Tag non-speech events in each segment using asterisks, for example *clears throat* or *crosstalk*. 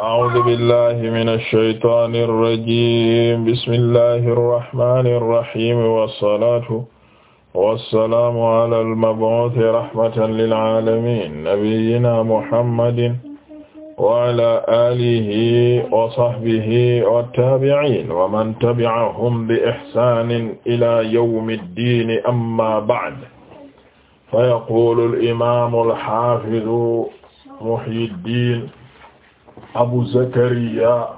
أعوذ بالله من الشيطان الرجيم بسم الله الرحمن الرحيم والصلاة والسلام على المبعوث رحمة للعالمين نبينا محمد وعلى آله وصحبه والتابعين ومن تبعهم بإحسان إلى يوم الدين أما بعد فيقول الإمام الحافظ محي الدين abu zakariya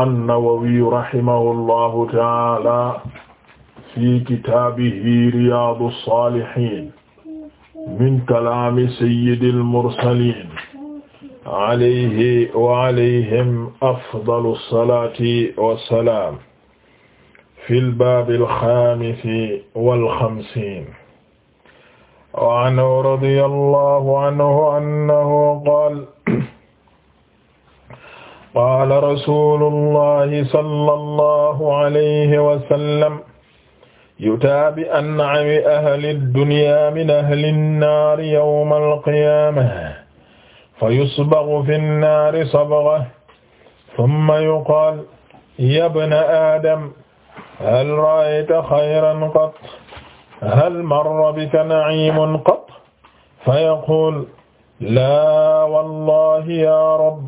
an-nawawi rahimahullahu taala fi kitaabihi riyaadu saalihiin min kalaami sayyidil mursaliin alayhi wa alayhim afdalu salaati wa salaam fil baabil xaamisi wal xamsiin wa anhu radiyallahu anhu annahu qaala qaala rasuulullahi sallallahu alayhi wa sallam yutaabi'anna ahli dunyaa min ahli nnaari yawmal qiyaamati fayusbaghu fi nnaari sabghatan summa yuqaalu yaa bna aadama hal ra'ayta xayran qatt hal marra bika na'iimun qatt fayaquulu laa wallaahi yaa rabb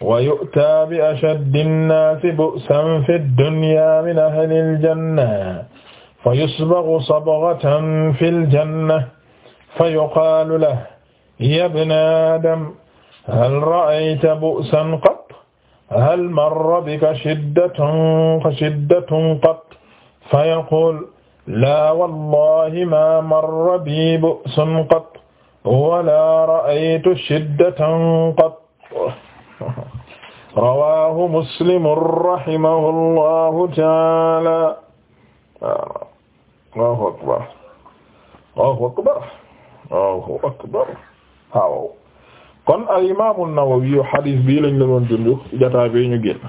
wa yu'taa bi ashaddi nnaasi bu'san fi dunyaa min ahli aljanna fa yusbaghu sabghatan fi aljanna fa yuqaalu lahu ya bna aadam hal ra'ayta bu'san qatt hal marra bika shiddatun shiddatun qatt fa yaquulu laa wallaahi maa marra bii bu'sun qatt wa laa ra'aytu shiddatan qatt *laughs* rawaahu muslim rahimahu llahu taala waaw akbar allahu akbar allahu akbar waaw kon al imaamu Nawawi xadis bii lañ la doon dund jataa bi ñu génn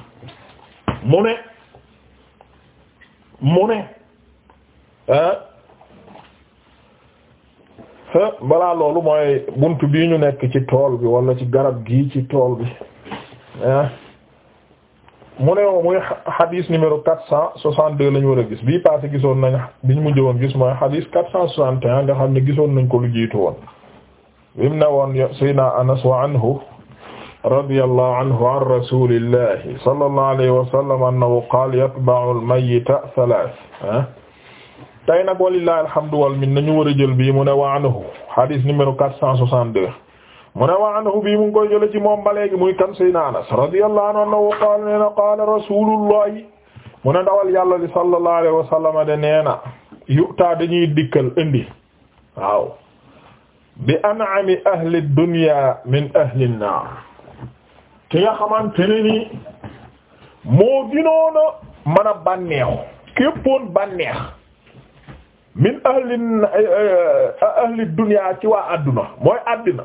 mu ne mu ah, balaa loolu mooy bunt bii ñu nekk ci tool bi wala ci garab gii ci tool bi Eh? mu ne muy hadis numéro quatre cent soixante deux la ñu war a gis bii nañ bi ñu mujj woon gis mooy hadis quatre cent soixante et un xam ne gisoon nañ ko lu jiitu woon bi mu ne woon Seydina Anas wa anhu radiyallahu anhu an rasulillahi sallallahu alayhi wa sallam annahu qaala yatba'u al-mayyita thalath eh? tey nag walillahi alhamdu wal minna ñu war a jël bii mu ne wa anhu numéro quatre cent soixante deux mu ne wa anhu bii mu koy jële ci moom ba léegi muy kan Seydina Anas radiyallahu anhu annahu qaala nee na qaala rasulullahi mu ne dawal de nee na dañuy dikkal indi waaw bi an'ami ahli dunya min ahli naar ki nga xamante ne nii moo ginoona mën a bànneexu képpoon bànneex min ahli ahli dunya ci waa àdduna mooy àdduna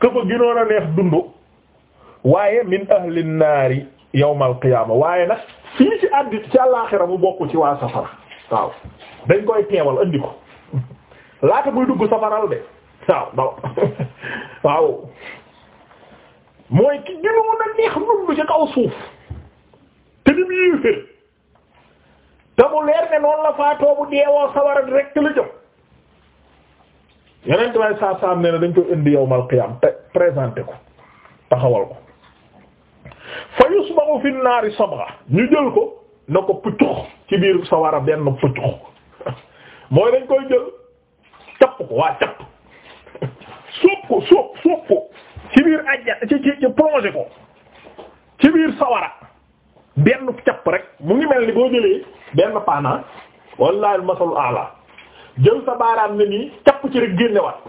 que fa gënoon a neex dundu waaye min ahli naari yawmal qiyaama waaye nag fii ci àddi ci àllaaxira mu bokk ci waa safara waaw dañ koy teewal andi ko laata muy dugg safaral de waaw *laughs* mooy ki gënoon a neex dundu ci kaw suuf te ni mu yéeféer te mu leer ne noonu la faatoo bu deewoo sawara direct la jëm yeneen tubaab yi saa saa dañ koy indi yawmal qiyaam présenté ko taxawal ko fa yusbahu fi naari sabra ko na ko puccux ci biir sawara benn puccux mooy jël ko waa capp ko sóob ko ci biir ajja ci ci ko ci biir sawara benn capp rek mu ngi mel ni boo jëlee benn paana wallaahi al masalul jël sa baaraam ne nii capp ci rek génnewaat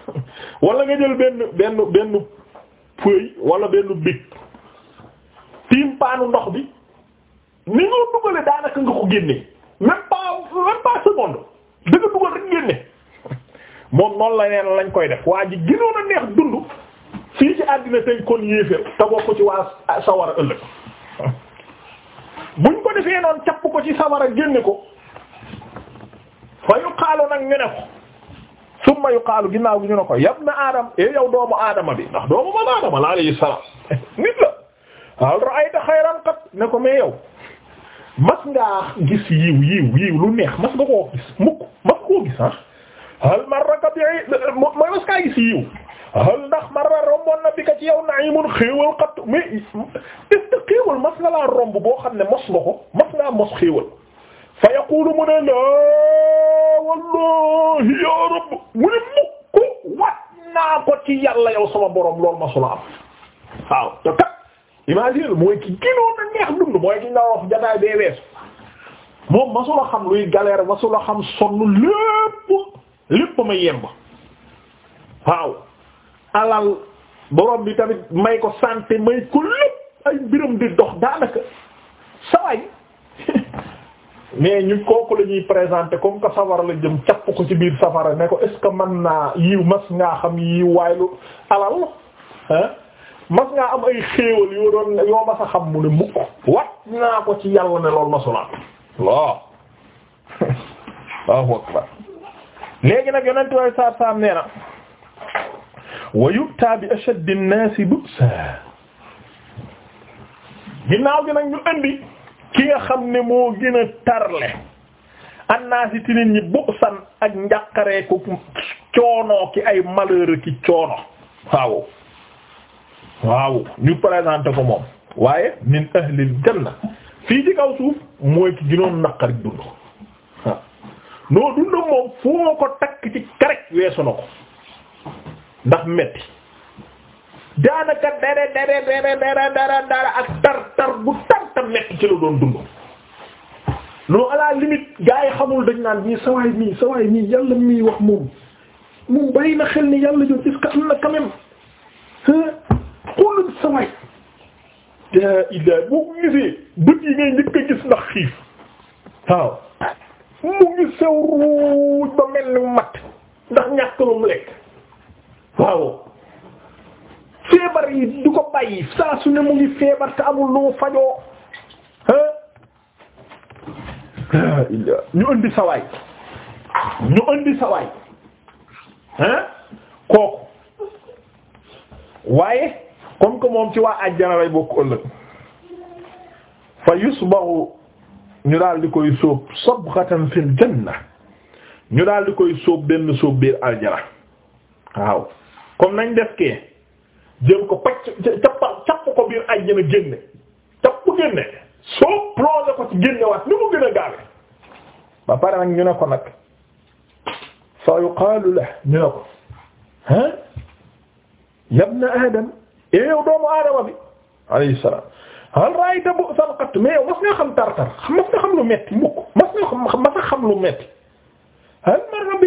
*laughs* wala nga jël benn benn benn pëy wala benn big tiim paanu ndox bi ni nga dugale daanaka nga ko génne même pas même pas seconde da dugal rek génne *laughs* moom noonu la neen lañ koy def waa ji gënoon a neex dund fii ci àddina tey kon yéeféer te bokk ci waa sawara ëllëg *laughs* buñ ko defee noonu capp ko ci sawara génne ko yuqaalu nag ñu ne ko summa yuqaalu ginnaaw gi ñu ne ko yabna aadama e eh yow doomu aadama bi ndax doomu man aadama la alayhi salaam *laughs* nit la hal ra'ayta xayran qat ne ko mais yow mas ngaa gis yiw yiw yiw lu neex mas nga koo gis mukk mas koo gis ah hal marraka bi mooy mas kaa gis yiw hal ndax marra romboon na bi ka ci yow na'imun xéewal qat mais est-ce que xéewal mas nga laa romb boo xam ne mos nga ko mas ngaa mos xéewal fa yaqulu mu ne la wallahi ya rabb mu mukk wat naa ko ci yàlla yow sama borom loolu ma sula am waaw te kat imagine mooy ki ginoon a neex dund mooy ki nga wax jataay bee weesu moom masula xam luy galère masula xam sonn lépp lépp ma yemb waaw alal borom bi tamit may ko santé may ko lépp ay mbiram di dox daanaka sawaay mais ñu kooku la ñuy présenter comme que safara la jëm capp ko ci biir safara ne ko est man naa yiw mas ngaa xam yi waay lu alal ah mas ngaa am ay xéewal yoo mas a xam mu ne mukk wat naa ko ci yàlla ne loolu masulaat waaw waaw akbar léegi nag yonentu way saar saam nee na wa yukta bi ashaddi an-nas bu'sa ginnaaw gi nag ñu indi ki nga xam ne moo gën a tarle annaasi tinit ñi bu ak njàqaree ko coono ki ay malheur ki coono waaw waaw ñu présenté ko moom waaye min ahlil janna fii ci kaw suuf mooy ki ginoon naqari dund noo dund moom foo ko takk ci karek weesu na ko ndax metti daanaka dere dere dere dara dara ak tar tar bu tar tam nekk ci la doon dund non à la limite yi xamul dañ naan ñii sawaay mii sawaay mii yàlla mii wax moom moom bàyyi na xel ni yàlla joon est-ce que am na quand même xoolal sawaay da illa boo ko gisee bët yi ngay njëkk a gis ndax xiif waaw mu ngi sew ruuj ba mel ni mat ndax ñàkk lu mu lekk waaw feebar yi du ko bàyyi saa su ne mu ngi feebar te loo lu mu fajoo ñu indi sawaay ñu indi sawaay hein kooku waaye comme que moom ci waa àjjana lay bokk ëllëg fa yusbahu ñu daal di koy sóob sabghatan fil janna ñu daal di koy sóob benn sóob biir aljana waaw comme nañ def kee jël ko pacc cappal capp ko biir àjjana génne capp génne soo plongé ko ci génnewaat ni mu gën a gaawe ba pare nag ko nag fa yuqaalu la ñu ne ko ah yabna adam e eh yow doomu aadama bi alayhi salaam hal ra'ayta bu'sal qat mais yow mas nga xam tartar mas nga xam lu metti mukk mas nga xam lu metti hal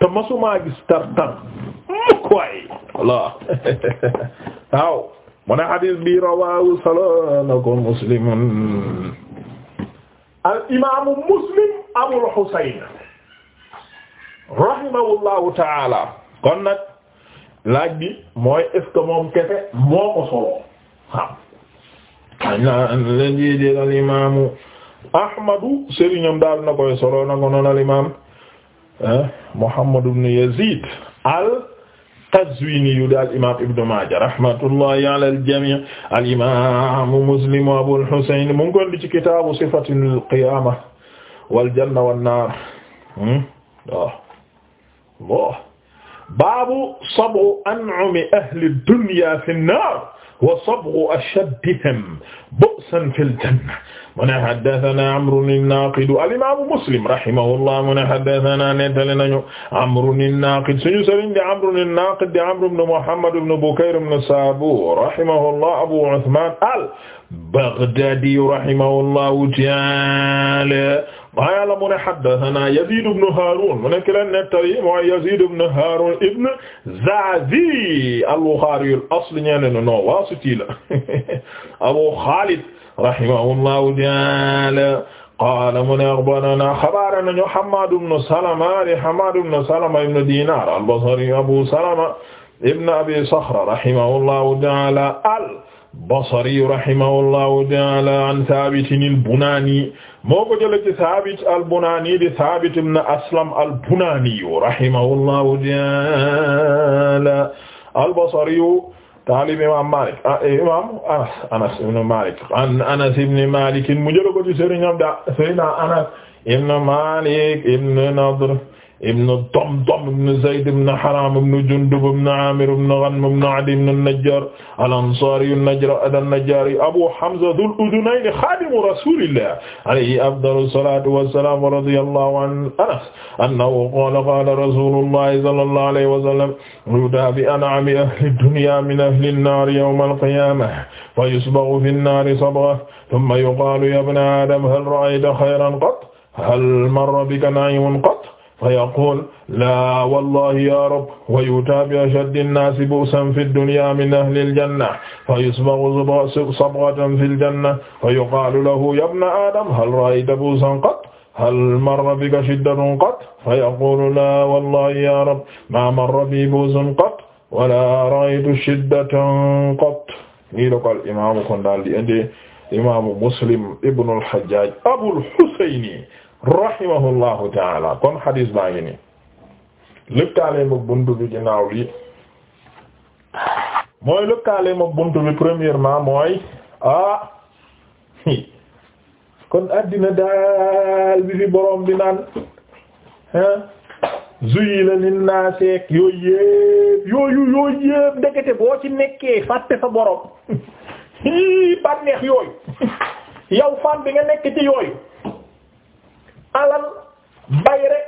te masumaa gis tar tar mukk waay walla *laughs* waaw mu rawaahu solo na ko muslimun al imaamu muslim abul taala kon nag laaj bi mooy est-ce que moo ko solo waaw al imaamu ahmadu sëriñam daal na koy solo na ko noon Muhammad ibn Yazid al-Qazwini yu daal imaam Ibn Maaja rahmatullahi ala al-jamii al-imaam Muslim Abul Husayn mu ngi koy indi ci kitaabu sifatil qiyaama wal janna wan naar hmm? baabu sab'i an'ami ahli dunya fin naar wa sabghu ashaddihim bu'san fil janna mu ne haddathana Amrun an-Naqid al-imam Muslim rahimahullah mu ne haddathana nettali nañu Amrun an-Naqid suñu sëriñ di Amrun an-Naqid di Amr ibn Muhammad ibn Bukayr ibn Sabur rahimahullah Abu Uthman al-Baghdadi rahimahullahu ta'ala waa yàlla mu ne haddathana Yazid ibn Harun mu ne ki leen nettali mooy Yazid ibn Harun ibn Zazi al-Bukhari al-asl ñeneen ne non Wasiti la *laughs* Abu Khalid rahimahullahu ta'ala qaala mu ne axbarana xabaara nañu Hammad ibn Salama di Hammad ibn Salama ibn Dinar al-Basri Abu Salama ibn Abi Sakhra rahimahullahu ta'ala al-Basri rahimahullahu ta'ala an Thabit al-Bunani moo ko jëlee ci Saabit al-Bunaani di Saabit ibn Aslam al-Bunaani rahimahullahu ta'ala al-Basri taalib imaam Maalik ah, imaam Anas ah, Anas ibn Maalik an Anas ibn Maalik mu jëlee ko ci Serigne am da Seydina Anas ibn Maalik ibn Nadr ibnu Damdam ibnu Zayd ibnu Haraam ibnu Jundub ibnu Aamir ibnu Ghanm ibnu Adiy ibnu Najjaar al-Ansaari an-Najjaari Abu Hamza Dhul Udhunayn xaadimu rasuulillaah alayhi afdalu salaatu wa salaam wa radiyallaahu an Anas annahu qaala qaala rasuulullaah sallallaahu alayhi wa sallam yudaabi an'ami ahli dunyaa min ahli nnaar yawma al-qiyaamah fa yusbaghu fi nnaari sabgha thumma yuqaalu ya ibna aadam hal ra'ayta khayran qatt hal marra bika na'iimun qatt fa yaqul laa wallahi ya rab wa yu'taa bi ashaddi nnaasi bu'san fi dunya min ahli aljanna fa yusbaghu sabghatan fi aljanna fa yuqaalu lahu ya ibna aadam hal ra'ayta bu'san qat hal marra bika shiddatun qat fa yaqulu laa wallahi ya rab maa marra bi bu'sun qat wa laa ra'aytu shiddatan qat nii la ko al-imaamu kon daal di indi imaamu Muslim ibnu al-Hajjaaj Abul Husayni rahimahullahu taala kon xadis baa ngi nii lëkkaale mag buntu bi ginnaaw lii mooy lëkkaale mag buntu bi premièrement mooy ah *laughs* kon addina daal bi fi borom bi naan hein zuyina linnaaseek yooyu yëpp yooyu yooyu yëpp ndekete boo ci nekkee fàtte sa borom *laughs* bànneex yooyu *laughs* yow fan bi nga nekk ci yooyu alal bay rek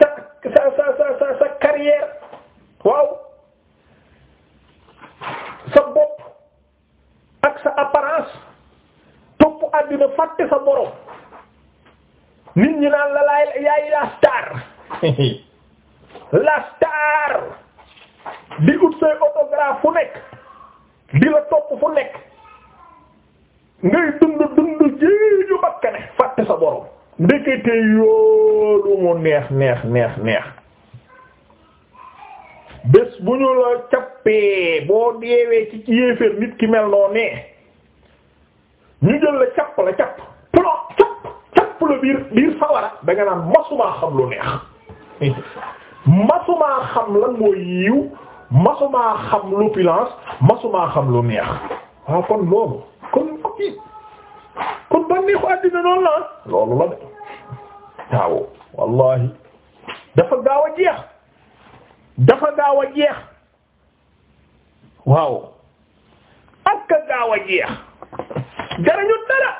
sa sa sa sa sa carrière waaw sa bopp ak sa apparence topp àddina fàtte sa borom nit ñi naan la laay yaay la star *laughs* di ut say autographe fu nekk di la topp fu nekk ngay dund dund ji ñu bakka fàtte sa borom ndekete yoolu mu neex neex neex bés bu ñu la cappee boo deewee ci yéeféer nit ki mel noo nee ñu jël la capp la capp plo capp capp la biir biir sawara da nga naan masumaa xam lu neex masumaa xam lan mooy yiw masumaa xam l'opulence masumaa xam lu neex waaw ah, kon loolu kon kon ba àddina loolu la de taawoo wallahi dafa gaaw a jeex dafa gaaw a jeex waaw ak ka gaaw a jeex jarañu dara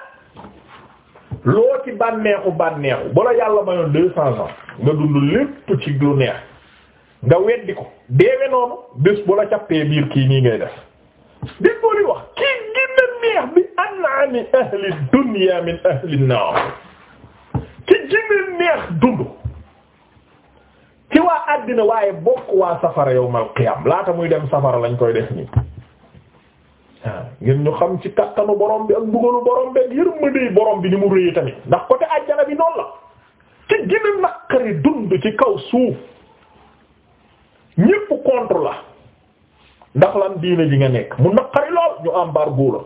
loo ci bànneexu bànneexu bu la yàlla mayoon deux cents ans nga dund lépp ci lu neex nga weddi ko deewe noonu bés bu la cappee biir kii nii ngay def déggoo li wax kii gën a neex bi an'ami ahli dunya min ahli an gën a neex dund ci waa àddina waaye bokk waa safara yawmal qiyam laata muy dem safara lañ koy def nii ngir ñu xam ci kattanu borom bi ak mbugalu borom bi ak yërmande borom bi ni mu rëy tamit ndax côté àjjana bi noonu la ci gën naqari dund ci kaw suuf ñépp contre la ndax lan diine ji nga nekk mu naqari lool ñu embargo la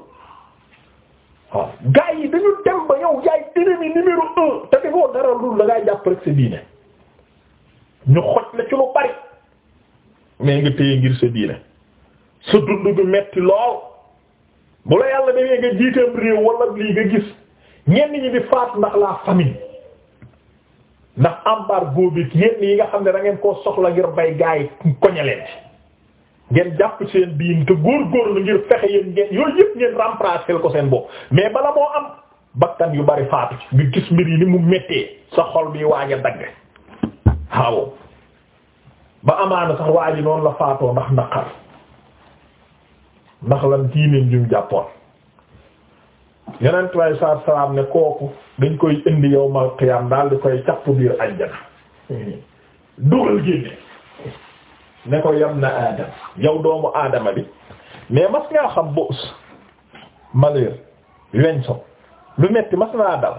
waaw gaa yi dañu dem ba yow yaay ennemi numéro un te defoo dara lu la ngaa jàpp rek sa diine ñu xoj la ci lu bari mais nga téye ngir sa diine sa dund bi metti lool bu la yàlla demee nga jiiteem réew wala lii nga gis ñenn ñi di faat ndax la famille ndax embargo bi yenn yi nga xam ne da ngeen koo soxla ngir bay gaa yi koñaleen ngeen jàpp seen biin te góorgóorlu ngir fexe yéen yooyu yëpp ngeen remplacer ko seen bopp mais bala moo am bakkan yu bari faatu ci nga gis mbir yi ni mu méttee sa xol bi waaj a dagg ba amaana sax waa ji noonu la faatoo ndax naqar ndax lan diineen jum jàppoon yenent way saar salaam ne kooku dañ koy indi yowmal qiyaam daal di koy capp biir àjjana dugal génne ne ko yam na aadam yow doomu aadama bi mais mas ngaa xam boos malheur weñ so lu metti mas naa dal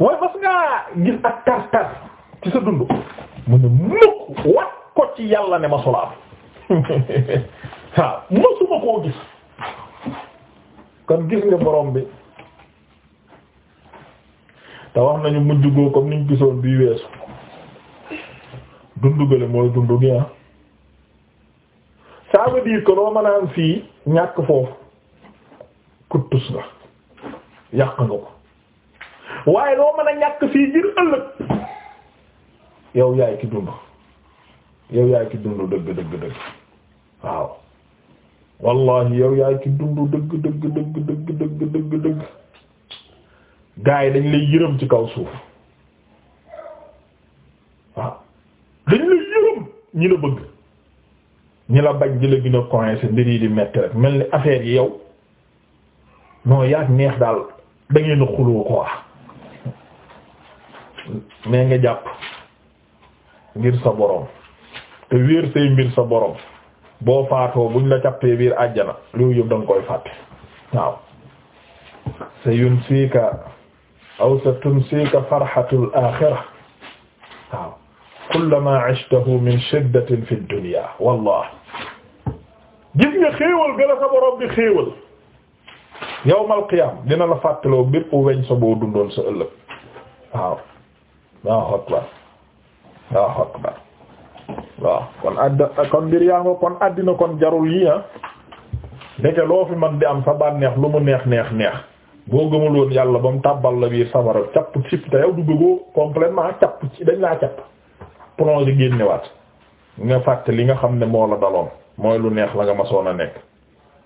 mooy mas ngaa gis ak tar tar ci sa dund mu ne mukk wat ko ci yàlla ne ma sulaam *laughs* waaw koo gis kon gis nga borom bi te wax nañu mujj goo comme niñ gisoon bii weesu dundu gële mooy dundu gi ah ça veut dire que loo mën a am fii ñàkk foofu kuttus nga yàq nga ko waaye loo mën a ñàkk fii ngir ëllëg yow yaay ki dund yow yaay ki dund dëgg dëgg dëgg waaw wallahi yow yaay ki dund dëgg dëgg dëgg dëgg dëgg dëgg dëgg gaa yi dañ lay yërëm ci kaw suuf dañu la yërëm ñi la bëgg ñi la bañ di la gën a mbir yi di metti rek mel ni affaire yi yow non yaag neex daal da ngeen a xuloo ko wax mais nga jàpp ngir sa borom te wéer say mbir sa borom boo faatoo buñ la cappee biir àjjana loolu yëpp da koy fàtte waaw sa yun siika aw sa tun siika farxatul axira waaw kullama ashtahu min shiddatin fi dunya wallah gis nga xéewal gën a sa bi xéewal yawmal qiyaam dina la fàttaloo bépp weñ sa boo dundoon sa ëllëg waaw waaw akbar waaw akbar waaw kon adda kon mbir nga kon àddina kon jarul yi ah ndeke loo fi man di am sa bànneex lu mu neex neex neex boo gëmul woon yàlla ba mu tàbbal la biir safara capp ci te yow du bëggoo complètement capp ci dañ laa capp plongé génnewaat nga fàtte li nga xam ne moo la daloon mooy lu neex la nga masoon a nekk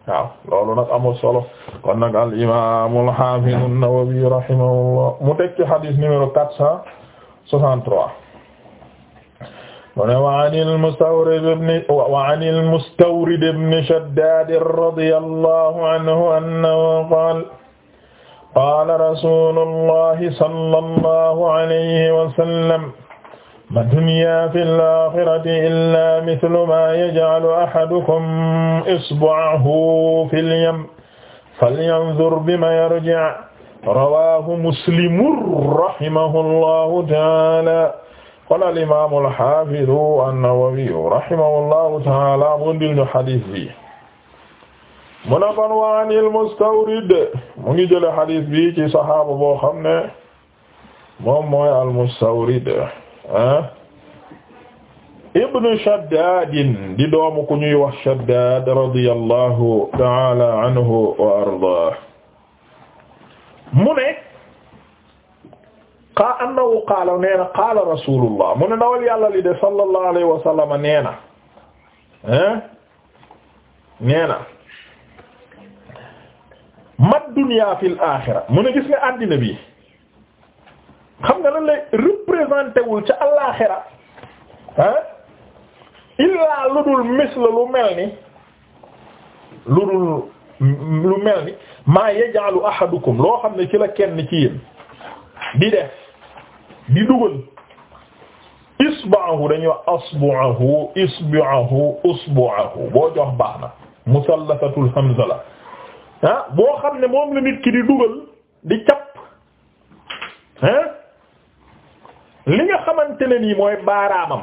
waaw loolu nag amul solo kon nag al imam al hafiz an-Nawawi rahimahullah mu teg ci hadith numéro quatre cent soixante-trois mu ne wa an al-Mustawrid ibn wa an al-Mustawrid ibn Shaddad radiyallahu anhu annahu qala qala rasulullahi sallallahu alayhi wa sallam ma dunya fi l-aaxirati illaa mislu maa yaj'alu ahadukum isbu'ahu fil yam falyanzur bimaa yarji' rawaahu muslimun rahimahullahu ta'aala qaala al-imaam al-haafidu an-nawawi rahimahullahu ta'aala mu ndil ñu xadis bi mu ne kon wa anil mustawrid mu ngi jële xadis bi ci saxaaba boo xam ne moom mooy al-mustawrid Ah? ibnu shaddadin di doomu ku ñuy wax shaddad radiyallahu taala anhu wa ardah mu ne xa annahu qaala nee na qaala rasulullah mu ne ndawal yàlla li de sallallahu alayhi wa sallama nee na ah? nee na mad dunya fil axira mu ne gis nga àddina bi xam nga lan lay représenté wul ca àllaaxira ah illaa lu dul misla lu mel ni lu mel ni maa yaj'alu ahadukum loo xam ne ci la kenn ci yéen di def di dugal isba'ahu dañuy wax asbu'ahu o usbu'ahu boo jox baax na musallasatul hamza la ah boo xam ne moom la ki di dugal di cap hein li nga xamante ne nii mooy baaraamam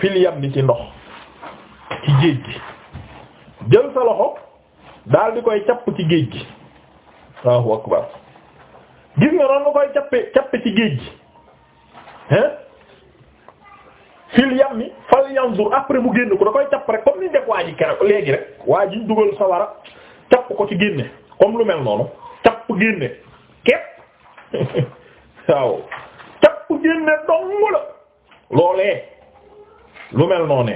fil yam ni ci ndox ci géej gi jël sa loxo daal di koy capp ci géej gi Allahu akbar gis nga noonu nga koy cappe ci géej gi hein fil yam ni fal yanzur après mu génn ko da koy capp rek comme ni def waa ji keroog léegi rek waa ji dugal sa wara capp ko ci génne comme lu mel noonu capp génne képp *laughs* waaw képp génne dong la loolee lu mel noonu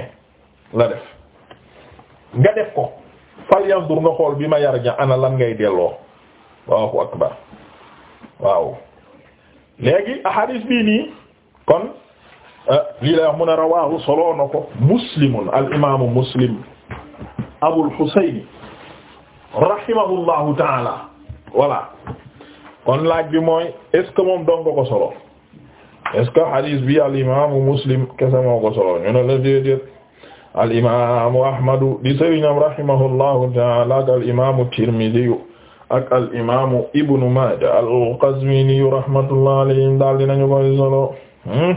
la def nga def ko fal yandur nga xool bi ma yar ja ana lan ngay delloo Allahu akbar waaw léegi ahadis bii nii kon eh, lii lay wax mu ne rawahu soloo na ko muslimun al imaamu muslim abul husayn rahimahullahu taala voilà kon laaj bi mooy est ce que moom dong ko solo est-ce que bi al muslim kese moo solo ñu ne la déedéet al imaamu ahmadu di sëriñam rahimahullahu taala ak ak al imaamu maaja al qazwiniyu rahmatullahi alayhim daal dinañu koy solo hmm?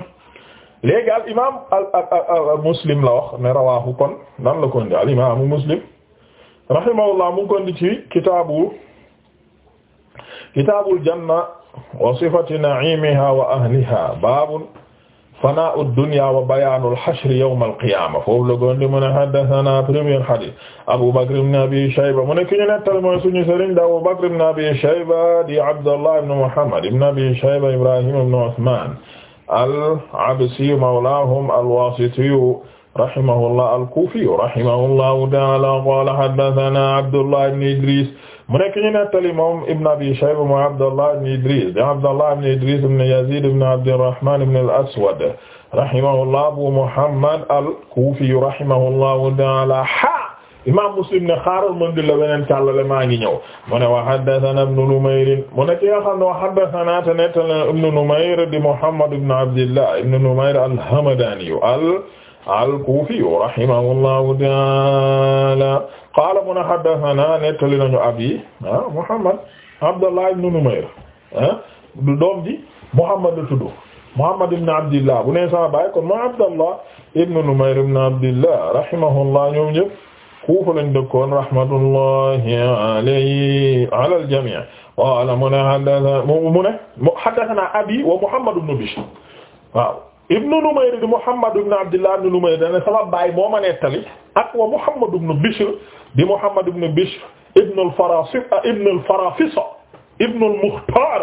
léegi al muslim la wax ne rawaahu kon la ko indi muslim rahimahullah mu ngi ko indi ci kitaabu kitaabul wa sifati naimiha wa ahliha babun fanau dunya wa bayanu alhashri yawma alqiyama foofu la gondi mu ne haddathana premier hadith Abu Bakr ibn Abi Shayba mu ne ki ñu nettal mooy suñu sëriñ da Abu Bakr ibn Abi Shayba di Abdullah ibn Muhammad ibn Abi Shayba Ibrahim ibn Uthman al-Absi mawlahum al-Wasiti rahimahullah al-Kufi rahimahullahu ta'ala qala haddathana Abdullah ibn Idris mu nekk ñu nettali moom Ibn Abi Shayba mu Abdallah ibn Idris di Abdallah ibn Idris ibn Yazid ibn Abdirrahman ibn al-Aswad rahimahullah Abu Muhammad al-Kufi rahimahullahu ta'ala ha imam Muslim ne xaaral mën di la weneen càllale maa ngi ñëw mu ne wa haddathana ibnu Numayr mu ne ki nga xam ne wa haddathana te nettali ibnu Numayr di Muhammad ibn Abdillah ibn Numayr al-Hamadani al-Kufi rahimahullahu ta'ala qaala mun haddathana nettali nañu abi ah Muhammad Abdullah ibn Numayr ah doom ji Muhammad la tudd Muhammad ibn Abdillah bu nee sama baay kon moo Abdullah ibn Numayr ibn Abdillah rahimahullah ñoom ñëpp Kufa lañ dëkkoon rahmatullahi alayhi ala al-jami' qaala mu ne haddathana mu ne haddathana abi wa Muhammad ibn Bishr waaw ibnu Numayr di Muhammad ibn Abdillah ibn Numayr dana sama baay moo ma nettali ak wa Muhammad ibn Bishr di Muhammad ibn Bishr ibn al-Farasi ibn al-Farafisa ibn al-Mukhtar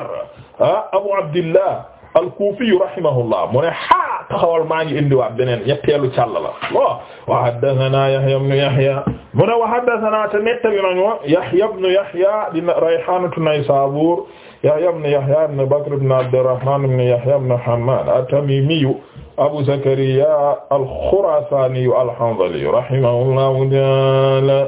ah Abu Abdillah al-Kufi rahimahullah mu ne ha taxawal maa ngi indiwaat beneen ñetteelu càll la waaw wa haddathana Yahya ibn Yahya mu ne wa haddathana te nettali nañu Yahya ibn Yahya di Rayhanatu Naysabur Yahya ibn Yahya ibn Bakr ibn Abdurrahman ibn Yahya ibn Hamman at-Tamimiyu Abu Zakariya al-Khurasaniyu al-Hanzaliyu rahimahullahu ta'ala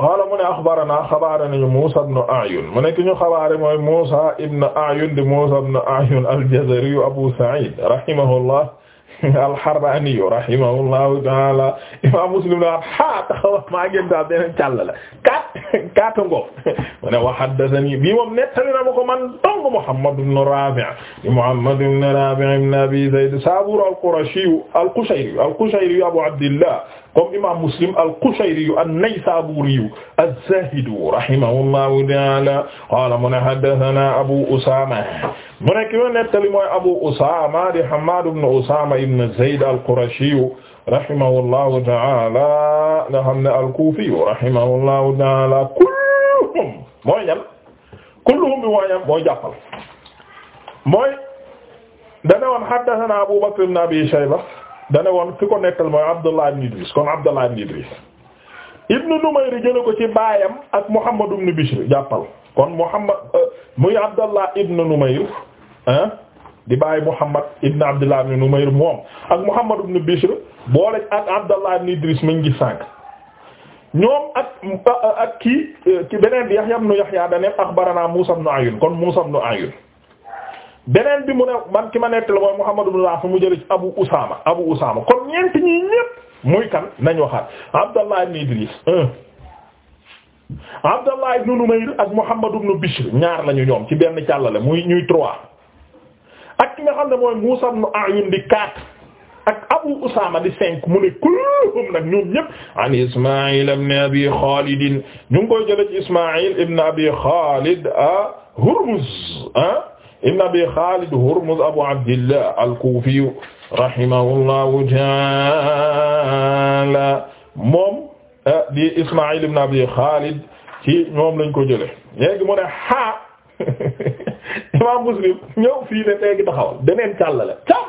qaala mu ne axbaranaa xabaare nañu Muusaa ibn A'yun mu ne ki ñu xabaare mooy Muusaa ibn A'yun di Muusaa ibn A'yun al-Jazariyu Abu Sa'id rahimahullah *laughs* alxarbaaniyu rahimahullahu taala imam muslim la ha taxawa maa ngeen daal beneen càll la kat kat ngof *laughs* mu ne wa haddathani bi moom nettali na ma ko man dong Muhammad ibn Rafi' Muhammad ibn Rafi' ibn Abi Zayd Sabur al-Qurashi al-Qushayri al-Qushayri Abu Abdillah comme imam Muslim al-Qushayri an-Naysaburi az-Zahid rahimahullahu ta'ala qala mu ne haddathana Abu Usama mu nekk yoon nettali mooy Abu Usama di Hammad ibn Usama ibn Zayd al-Qurashi rahimahullahu ta'ala nga xam ne al-Kufi rahimahullahu ta'ala kulluhum mooy ñan kulluhum bi mooy ñan mooy jàppal mooy dana woon haddathana Abu Bakr ibn Abi Shayba dane woon fi ko nettal mooy Abdullah ibn Idris kon Abdullah ibn Idris ibn Numayr jële ko ci baayam ak Muhammad ibn Bishr jàppal kon Muhammad euh, muy Abdullah ibn Numayr ah di bàyyi Muhammad ibn Abdullah ibn Numayr moom ak Muhammad ibn Bishr boole ak Abdullah ibn Idris mu ngi sànq ñoom ak ak kii ci euh, beneen bi Yahya ibn Yahya dane akhbarana Musa ibn Ayun kon Musa ibn Ayun beneen bi mu ne man ki ma nettali mooy Muhammad ibn Rafi mu jëlee ci Abu Usama Abu Usama kon ñeent ñii ñépp muy kan nañ waxaat Abdallah ibn Idris un Abdallah ibn Numayr ak Muhammad ibn Bishr ñaar lañu ñoom ci benn càllale muy ñuy trois ak ki nga xam ne mooy Musa ibn A'yun di quatre ak Abu Usama di cinq mu ne kulluhum nag ñoom ñépp an Isma'il ibn Abi Khalid ñu ngi koy jëlee ci Isma'il Abi Khalid ah, Hurmuz ah ibn abi Xaalid Hurmuz abu abdillah al-Kuufi rahimahullahu ta'aala moom eh, di Ismaa'il ibn abi Xaalid ci ñoom lañ ko jëlee léegi mu ne ha *laughs* imaam Muslim ñëw fii ne léegi taxawal beneen càllale cam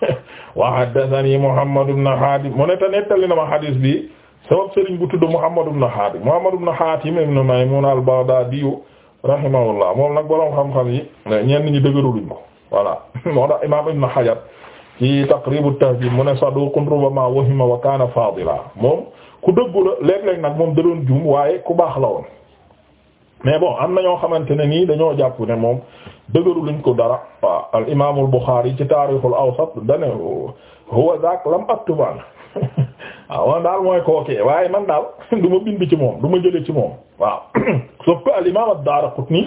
*laughs* wa haddathanii Muhammad ibn Haatim mu ne te nettali na ma hadiis bi sabab sëriñ bu tudd Muhammad ibn Haatim Muhammad ibn Haatim ibn Maymuun al-Baghdaadiyu rahimahullah moom nag boroom xam-xam yi ñenn ñi dëgëruluñ ko voilà *laughs* moo tax imaam Ibn Hajar ci Taqrib at-Tahdhib mu ne saduqun rubbama wahima wa kaana faadila moom ku dëggu la léeg-léeg nag moom da doon juum waaye ku baax la woon mais bon am na ñoo xamante ne nii dañoo jàpp ne moom dëgëruluñ ko dara waaw al imaamul Buxaari ci taarixul awsat dane huwa zaak lam aktub anhu waaw *laughs* ah, man daal mooy kookee waaye man daal *laughs* du ma bind ci moom du ma jële ci moom waaw *clears throat* sauf que al imam ad-Daraqutni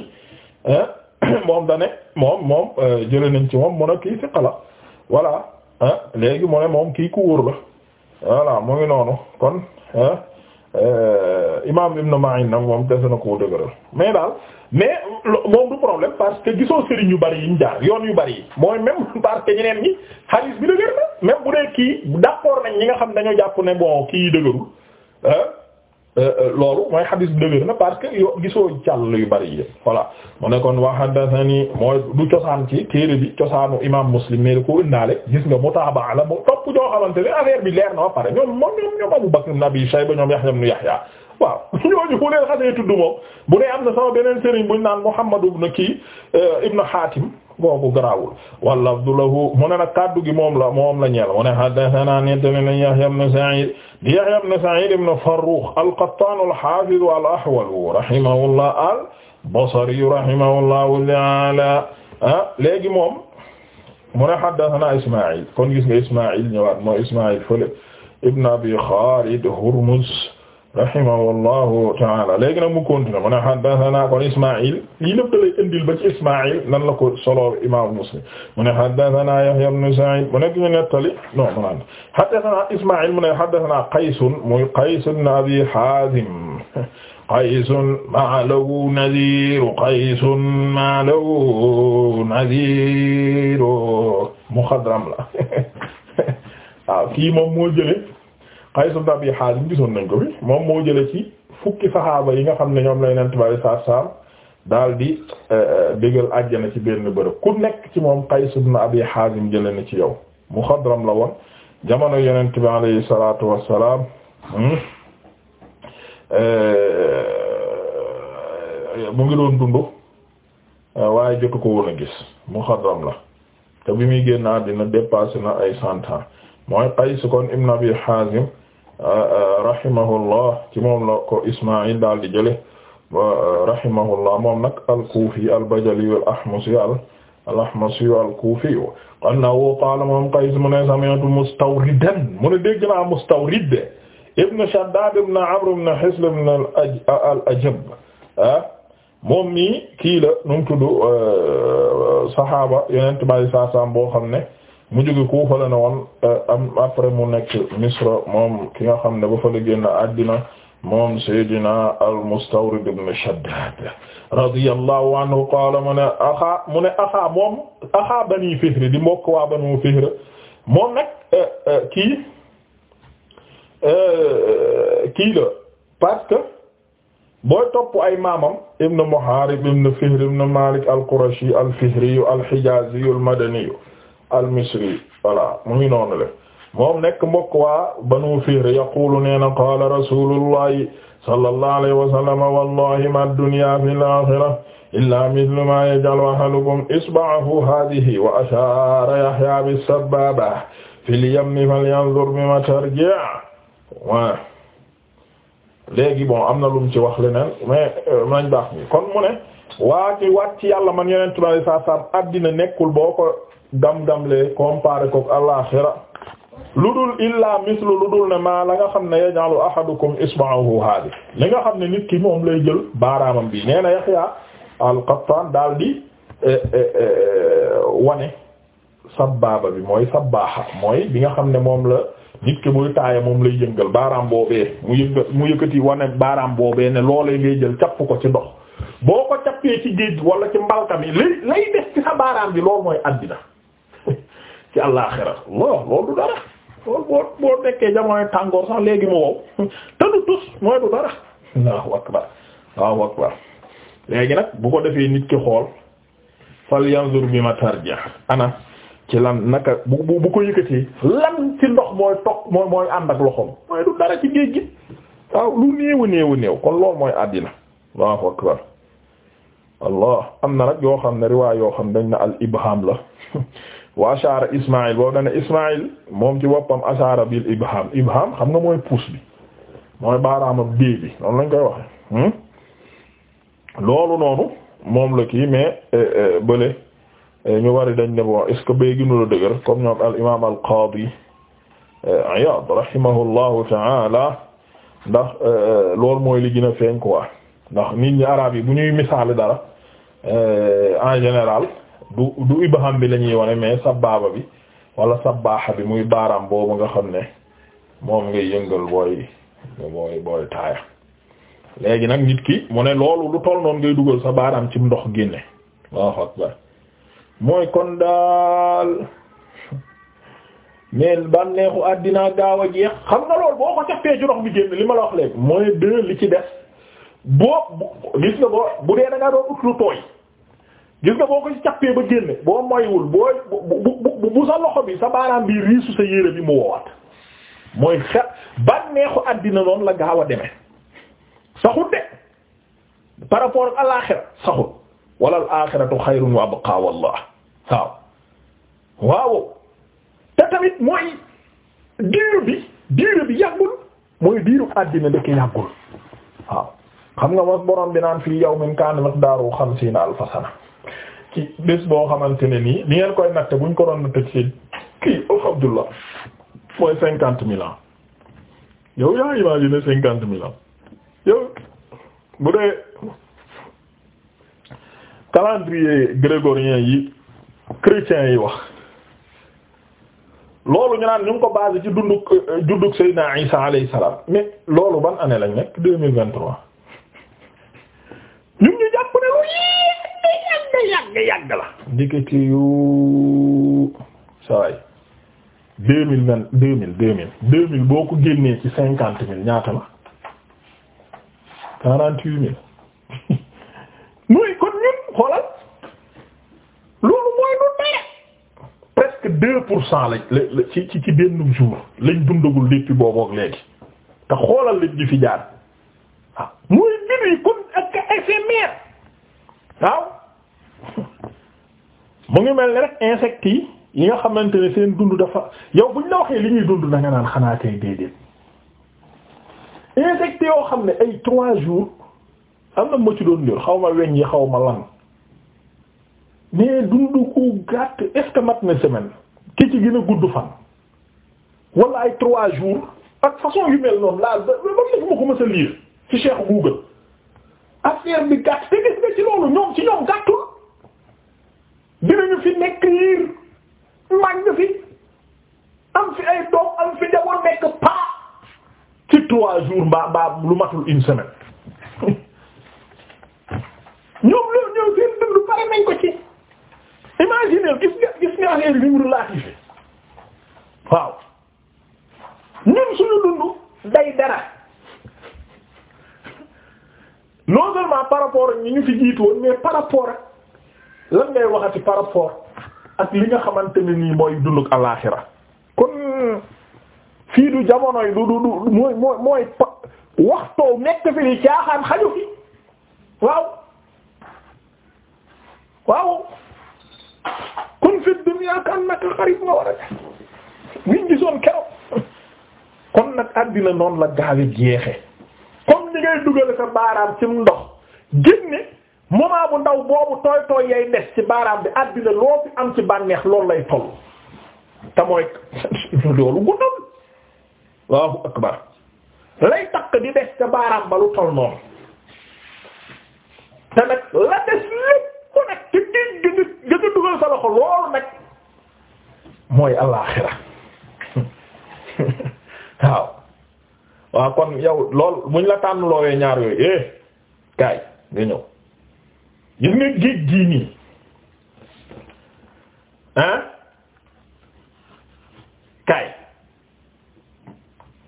eh, *clears throat* moom dane moom moom eh, jële nañ ci moom mu ne kii fiqa la voilà eh, léegi mu ne moom kii ku wóor la voilà mu ngi noonu kon Euh, imaam na maa nag moom dese na koo dëgëral mais daal mais moom du problème parce que gisoo sëriñ yu bari yi ñu jaar yoon yu bari yi mooy même *laughs* parce que ñeneen ñi hadith bi dëgër na même bu dee kii d'accord nañ ñi nga xam dañoo jàpp ne bon kii dëgërul ah Euh, euh, loolu mooy xadis bi dëgër na parce que yo gisoo càll yu bari yi moo mu ne kon wa haddathani mooy du cosaan ci téere bi cosaanu imam muslim mais da ko ëndaale gis nga mutaabaa la mu topp joo xamante ne affaire bi leer na ba pare ñoom moom ñoom ñoom Abu Bakr ibn Abi Shayba ñoom Yahya ibn Yahya waaw *laughs* ñooñu bu leen xasee tudd moom bu ne am na sama beneen sëriñ buñ naan Muhammad ibn kii euh, ibn Hatim kooku garaawul wala abdulahu mu ne nag kaddu gi moom la moom la ñeel mu ne haddathana nettali na Yahya ibn Sa'id di Yahya ibn Sa'id ibn Farrukh al-Qattan al-Hafiz al-Ahwal rahimahullah al-Basri rahimahullahu ta'ala ah, léegi moom mu ne haddathana Isma'il kon gis nga Isma'il ñëwaat moo Isma'il fële ibn Abi Khalid Hurmuz rahimahullahu taala léegi nag mu continué mu ne haddathana kon Isma'il lii lépp da lay indil ba ci Isma'il nan la ko solo imam Muslim mu ne haddathana Yahya ibn Sa'id mu nekk ñu nettali non mu naan haddathana Isma'il mu ne haddathana Qays muy Qays ibn Abi Hazim Qays ma lahu nadhir Qays ma lahu nadhir muxadram la *laughs* waaw kii moom moo jëlee Qays ibn Abi Haazim gisoon nañ ko bi moom moo jële ci fukki saxaaba yi nga xam ne ñoom la lay nent bari saar saar dal di eh, eh, bégal àjjana ci benn bërëb ku nekk ci moom Qays ibn Abi Haazim jële ci yow muxadram la woon jamono yonent bi alayhi salaatu wassalaam hmm, eh, mu ngi doon dund waaye jotu ko woon gis muxadram la te bi muy génn àddina dépassé na ay cent ans mooy Qays kon ibn Haazim Euh, euh, rahimahullah ci moom la ko Ismaïl daal di jële euh, rahimahullah moom nag al-Kufi al-Bajali al-Ahmasi al-Ahmasi al-Kufi annahu qaala moom Qays mu ne sami'tu Mustawridan mu ne dégg naa Mustawrid ibn Shaddad ibn Amr ibn Hisl ibn al-Ajab ah, moom mi kii la nu mu tudd saxaaba yeneen tubaab yi saa saa boo xam ne. mu jóge Kufa la ne euh, mu nekk Misra moom ki nga xam ne ba fa la génn àddina moom Seydina al-Mustawrid ibn Shaddad radiyallahu anhu qaala mu mu ne axaa moom axaa di mbokk waa Banu Fihr moom nag euh, euh, kii kii la parce que booy topp ay maamam ibn Muharib ibn Fihr ibn Malik al-Qurashi al-Fihri al-Hijazi al-Madani al-Misri voilà mu ngi noonu le moom nekk mbokk waa Banu Fihr yaqulu nee na qaala rasulullahi sallallahu alayhi wa sallam wallahi ma ad-dunya fil akhirah illa mithlu ma yaj'alu ahadukum isba'ahu hadhihi wa ashara Yahya bis-sabbabah fil yammi falyanzur bima tarji' wa léegi bon am na lum ci wax leneen mais euh, nañ baax ni kon mu ne waa ki wàcc yàlla man yonent bi sallallahu alayhi wa sallam addina nekkul boo ko gam-gamlee comparé ko alaaxira lu dul illaa mislu lu dul ne maa la nga xam ne yajalu ahadukum isma'ahu haadi li nga xam ne nit ki moom lay jël baaraamam bi nee na Yaxya al-Qattaan daal di eh, eh, eh, wane sabbaaba bi mooy sabbaaxa mooy bi nga xam ne moom la nit ki muy taaya moom lay yëngal baaraam boobee mu yënga mu yëkkati wane baaraam boobee ne loolee ngay jël capp ko ci ndox boo ko cappee ci géej wala ci mbalka mi lay lay def ci sa baaraam bi loolu mooy àddina ci àllaaxira loolu dara loolu boo boo nekkee jamonoy tàngoor sax léegi mu wow *laughs* te du tus mooy du dara Allahu akbar Allahu akbar léegi nag bu ko defee nit ki xool fal yanzur bi ma tarja ana ci lan naka bu bu ko yëkkatee lan ci ndox mooy toog mooy ànd ak loxoom mooy du dara ci géej gi waaw lu néew néew néew kon loolu mooy àddina Allahu akbar Allah am na nag yoo xam ne riwaay yoo xam dañ na al ibham la *laughs* wa ashara Ismaïl boobu dane Ismaïl moom ci boppam ashara bil ibham ibham xam nga mooy puus bi mooy baaraama bée bi noonu lañ koy waxe hmm? loolu noonu moom la kii mais eh, eh, bële eh, ñu wari dañ ne bon est ce que dëgër comme ñoom al al qadi Iyad rahimahullahu taala ndax loolu mooy li gën a feeñ quoi ndax nit ñi arab yi bu ñuy misaal dara en général du du ibham bi la ñuy wane mais sababa bi wala sabaxa bi muy baaraam boobu nga xam ne moom ngay yëngal booy booy booy taaya léegi nag nit ki mu ne loolu lu toll noonu ngay dugal sa baaraam ci ndox génne Allahu akbar mooy kon daal mais bànneexu àddina gaaw a jeex xam nga loolu boo ko cappee ci ndox bi génn li ma la wax léegi mooy deux li ci des boo gis nga boo bu dee da ngaa lu tooy gis nga boo ko ci cappee ba génne boo moywul booy bu bu sa loxo bi sa baaraam bi riisu sa yére bi mu woowaat mooy xet bànneexu àddina noonu la gaaw a demee saxut de par rapport alaaxira saxut wala alaaxiratu xayrun waaw waaw te tamit mooy diiru bi diiru bi yàggul mooy diiru àddina ndeke yàggul waaw xam nga mos borom bi naan fii yawmin kaana miqdaaru xamsiina alfa sana ci bés boo xamante ne nii li ngeen koy natte buñ ko doon natte ci kii oh, mooy cinquante mille ans yow yaa imaginer cinquante mille yow bu dee calendrier grégorien yi chrétiens yi wax loolu ñu naan ñu ngi ko basé ci dunduk judduk Seydina Isa alayhi salaam mais loolu ban année lañ nekk deux ñu jàpp ne lu yàgg yàgg la ndikiti yu saway deux mille vingt deux mille deux mille deux mille boo ko génnee ci cinquante mille ñaata la quarante huit mille *laughs* muy kon xoolal loolu mooy lu dara presque deux pour cent lañ la ci ci ci jour lañ dundagul depuis boobu ak te xoolal lañ di fi jaar waaw ah, muy mbir yi kon ak éphémère waaw mu ngi mel ni rek insect yi yi nga xamante ne seen dund dafa yow buñ la waxee li ñuy dund na naan xanaa kay déedéet insectes yoo xam ne ay trois jours am na ma ci doon liir xaw ma weñ yi xaw ma lan mais dund ku gàtt est-ce que mat na semaine ki ci gën a gudd fan wala ay trois jours ak façon yu mel noonu laal ba ba ma ko mës liir ci Cheikh Google affaire bi gàtt te gis nga ci loolu ñoom ci ñoom gàttul. dinañu fi nekk liir màgg fi am fi ay doom am fi jamono nekk paa ci trois jours mbaa mbaa lu matul une semaine *laughs* ñoom loolu ñëw seen dund pare nañ ko ci imaginer gis nga gis nga affaire bi mu relatif waaw ñun suñu dund day dara non seulement par rapport ak ñi ñu fi jiitu woon mais par rapport ak lan ngay waxati par rapport ak li nga xamante ne nii mooy dunduk alaaxira kon fii du jamonoy du du du mooy mooy mooy waxtoo nekk fi li caaxaan xaju fi waaw waaw kun fi dunya ka annaka gharib nga war a def kon la gaawe jeexe comme ni ngay dugale sa baaraam ci ndox génne moment bu ndaw boobu tooy tooy yay des ci baaraam bi àddina loo fi am ci bànneex loolu lay toll te mooy *laughs* loolu guddul la des lépp ku *laughs* waaw waaw kon yow lool muñ la tànn loowee ñaar yooyu eh kaay nga ñëw. gis nga géej gii nii ah kay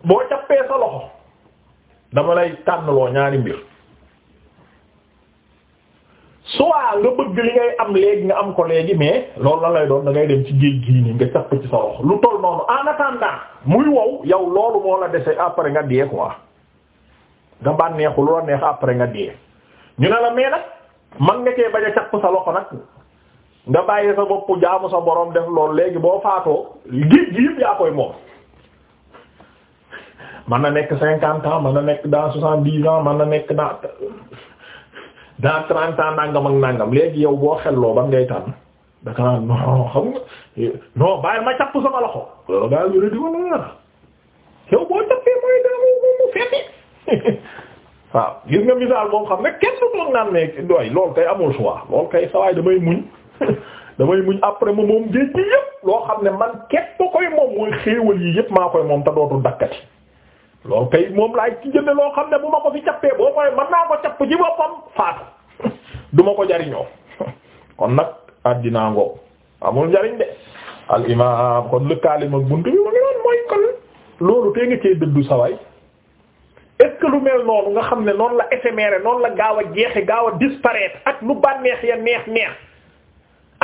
boo jàppee sa loxo dama lay tànnloo ñaari mbir soit nga bëgg li ngay am léegi nga am ko léegi mais loolu la lay doon da dem ci géej gii nii nga jàpp ci sa loxo lu toll noonu en attendant muy wow yow loolu moo la dese après nga dee quoi nga bànneexu lu la neex après nga dee ñu ne la mais nag man nga cee bañ a sa loxo nag nga bàyyi sa bopp jaamu sa boroom def lool léegi boo faatoo géej gi yëpp yaa koy moom man na nekk cinquante ans man na nekk dans soixante-dix man na nekk dans dans trente ans ak nangam léegi yow boo xelloo ban ngay tànn daka naan ma càpp sama loxo loolu boo càppee mooy daa mu mu fetti waaw gis nga misaal moom xam ne kenn du toog naan ne doy loolu kay amul choix loolu kay sawaay damay muñ *laughs* damay muñ après mu moom géej gi yëpp loo xam ne man képp koy moom mooy xéewal yi yëpp maa koy moom te dootu dakkati loolu kay moom laay ci jënd loo xam ne bu ma ko fi cappee boo koy mën naa ko capp ci boppam faatu *laughs* du ko jariñoo *laughs* kon nag àddinaa ngoo amul njariñ de al kon lëkkaali mag bi ma ngi doon mooy kon loolu tee nga cee dëddu sawaay est ce que lu mel noonu nga xam ne noonu la éphémère noonu la gaaw a jeexe gaaw a disparaître ak lu bànneex ya neex neex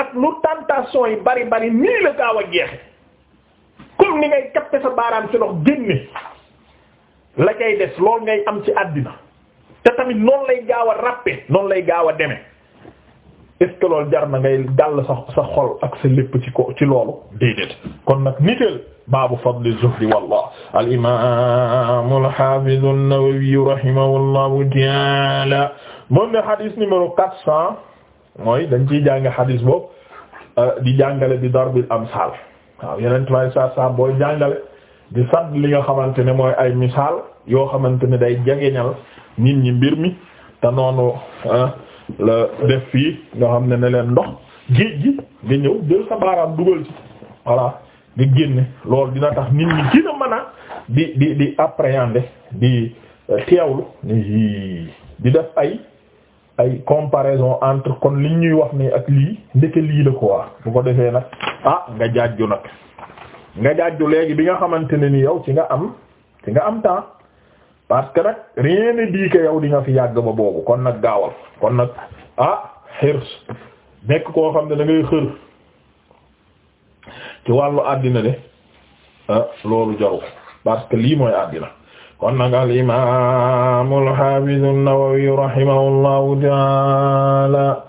ak lu tentation yi bari bari nii la gaaw a jeexe comme ni ngay capter sa baaraam ci lox génne la cay des lool ngay am ci àddina te tamit noonu lay gaaw a ràppe noonu lay gaaw a deme est ce loolu jar na ngay gàll sa sa xol ak sa lépp ci ko ci loolu déedéet kon nag niteel baabu fadli zuhdi wallah al-imam al-hafiz an-Nawawi rahimahullahu ta'ala moom ne hadith numéro quatre cent mooy dañ ciy jàng hadith boobu euh, di jàngale bi darbil amsal waaw yeneen tubaab yi saa booy jàngale di sant li nga xamante ne mooy ay misaal yoo xamante ne day jegeñal nit ñi mbir mi te noonu euh, def fii nga xam ne ne leen ndox géej gi nga ñëw jël sa baaraam dugal ci voilà nga génne loolu dina tax nit ñi gën a di di di appréhender di euh, teewlu di def ay ay comparaison entre kon li ñuy wax ni ak lii ndeke lii la quoi bu ko defee nag ah nga jàjju nag nga jàjju léegi bi nga xamante ne ni yow ci nga am ci nga am temps parce que nag rien ne dit yow di nga fi yàgg ba boobu kon nag gaawal kon nag ah xirs nekk koo xam ne da xër ci wàllu àddina de ah, loolu jaru parce que lii mooy àddina kon nag al imaam al haafiz an-Nawawi rahimahullahu ta'ala